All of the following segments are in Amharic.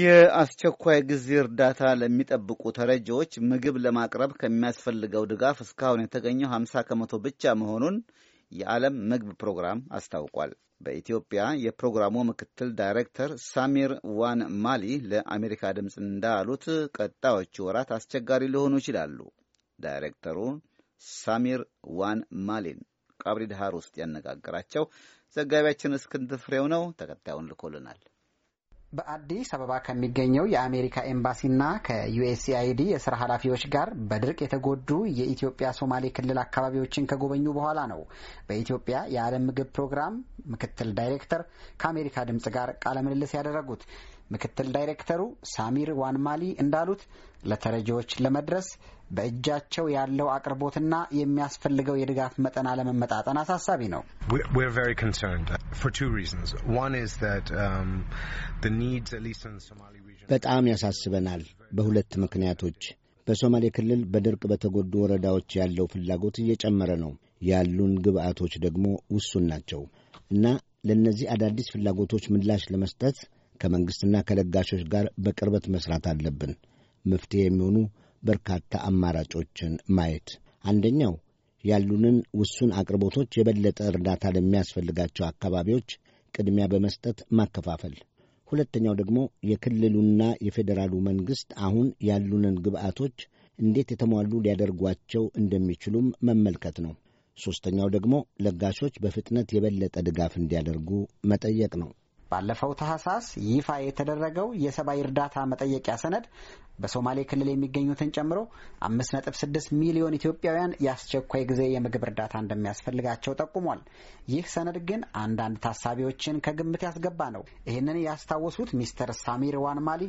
የአስቸኳይ ጊዜ እርዳታ ለሚጠብቁ ተረጂዎች ምግብ ለማቅረብ ከሚያስፈልገው ድጋፍ እስካሁን የተገኘው 50 ከመቶ ብቻ መሆኑን የዓለም ምግብ ፕሮግራም አስታውቋል። በኢትዮጵያ የፕሮግራሙ ምክትል ዳይሬክተር ሳሚር ዋን ማሊ ለአሜሪካ ድምፅ እንዳሉት ቀጣዮቹ ወራት አስቸጋሪ ሊሆኑ ይችላሉ። ዳይሬክተሩ ሳሚር ዋን ማሊን ቀብሪ ድሃር ውስጥ ያነጋገራቸው ዘጋቢያችን እስክንድር ፍሬው ነው። ተከታዩን ልኮልናል። በአዲስ አበባ ከሚገኘው የአሜሪካ ኤምባሲና ከዩኤስኤአይዲ የስራ ኃላፊዎች ጋር በድርቅ የተጎዱ የኢትዮጵያ ሶማሌ ክልል አካባቢዎችን ከጎበኙ በኋላ ነው በኢትዮጵያ የዓለም ምግብ ፕሮግራም ምክትል ዳይሬክተር ከአሜሪካ ድምፅ ጋር ቃለ ምልልስ ያደረጉት። ምክትል ዳይሬክተሩ ሳሚር ዋንማሊ እንዳሉት ለተረጂዎች ለመድረስ በእጃቸው ያለው አቅርቦትና የሚያስፈልገው የድጋፍ መጠን አለመመጣጠን አሳሳቢ ነው። um, በጣም ያሳስበናል በሁለት ምክንያቶች። በሶማሌ ክልል በድርቅ በተጎዱ ወረዳዎች ያለው ፍላጎት እየጨመረ ነው። ያሉን ግብአቶች ደግሞ ውሱን ናቸው እና ለእነዚህ አዳዲስ ፍላጎቶች ምላሽ ለመስጠት ከመንግሥትና ከለጋሾች ጋር በቅርበት መስራት አለብን። መፍትሄ የሚሆኑ በርካታ አማራጮችን ማየት፣ አንደኛው ያሉንን ውሱን አቅርቦቶች የበለጠ እርዳታ ለሚያስፈልጋቸው አካባቢዎች ቅድሚያ በመስጠት ማከፋፈል፣ ሁለተኛው ደግሞ የክልሉና የፌዴራሉ መንግሥት አሁን ያሉንን ግብአቶች እንዴት የተሟሉ ሊያደርጓቸው እንደሚችሉም መመልከት ነው። ሦስተኛው ደግሞ ለጋሾች በፍጥነት የበለጠ ድጋፍ እንዲያደርጉ መጠየቅ ነው። ባለፈው ታህሳስ ይፋ የተደረገው የሰብአዊ እርዳታ መጠየቂያ ሰነድ በሶማሌ ክልል የሚገኙትን ጨምሮ 5.6 ሚሊዮን ኢትዮጵያውያን የአስቸኳይ ጊዜ የምግብ እርዳታ እንደሚያስፈልጋቸው ጠቁሟል። ይህ ሰነድ ግን አንዳንድ ታሳቢዎችን ከግምት ያስገባ ነው። ይህንን ያስታወሱት ሚስተር ሳሚር ዋንማሊ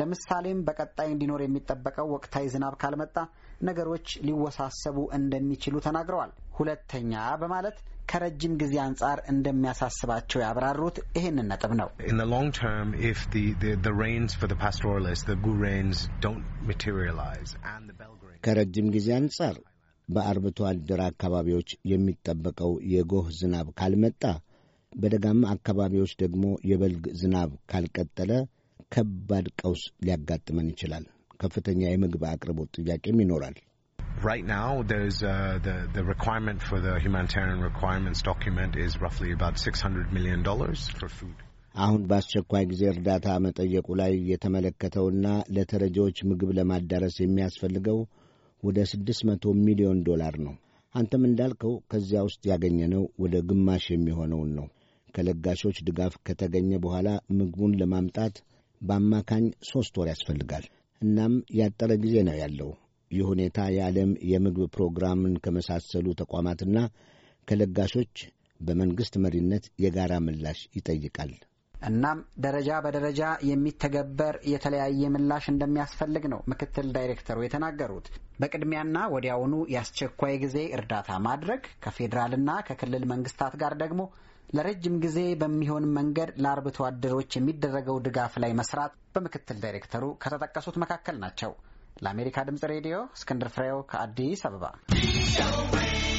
ለምሳሌም በቀጣይ እንዲኖር የሚጠበቀው ወቅታዊ ዝናብ ካልመጣ ነገሮች ሊወሳሰቡ እንደሚችሉ ተናግረዋል። ሁለተኛ በማለት ከረጅም ጊዜ አንጻር እንደሚያሳስባቸው ያብራሩት ይህንን ነጥብ ነው። ከረጅም ጊዜ አንጻር በአርብቶ አደር አካባቢዎች የሚጠበቀው የጎህ ዝናብ ካልመጣ፣ በደጋማ አካባቢዎች ደግሞ የበልግ ዝናብ ካልቀጠለ ከባድ ቀውስ ሊያጋጥመን ይችላል። ከፍተኛ የምግብ አቅርቦት ጥያቄም ይኖራል። Right now, there's uh, the the requirement for the humanitarian requirements document is roughly about six hundred million dollars for food. አሁን በአስቸኳይ ጊዜ እርዳታ መጠየቁ ላይ የተመለከተውና ለተረጂዎች ምግብ ለማዳረስ የሚያስፈልገው ወደ ስድስት መቶ ሚሊዮን ዶላር ነው። አንተም እንዳልከው ከዚያ ውስጥ ያገኘነው ወደ ግማሽ የሚሆነውን ነው። ከለጋሾች ድጋፍ ከተገኘ በኋላ ምግቡን ለማምጣት በአማካኝ ሦስት ወር ያስፈልጋል። እናም ያጠረ ጊዜ ነው ያለው። ይህ ሁኔታ የዓለም የምግብ ፕሮግራምን ከመሳሰሉ ተቋማትና ከለጋሾች በመንግሥት መሪነት የጋራ ምላሽ ይጠይቃል። እናም ደረጃ በደረጃ የሚተገበር የተለያየ ምላሽ እንደሚያስፈልግ ነው ምክትል ዳይሬክተሩ የተናገሩት። በቅድሚያና ወዲያውኑ የአስቸኳይ ጊዜ እርዳታ ማድረግ ከፌዴራልና ከክልል መንግስታት ጋር ደግሞ ለረጅም ጊዜ በሚሆን መንገድ ለአርብቶ አደሮች የሚደረገው ድጋፍ ላይ መስራት በምክትል ዳይሬክተሩ ከተጠቀሱት መካከል ናቸው። ለአሜሪካ ድምጽ ሬዲዮ እስክንድር ፍሬው ከአዲስ አበባ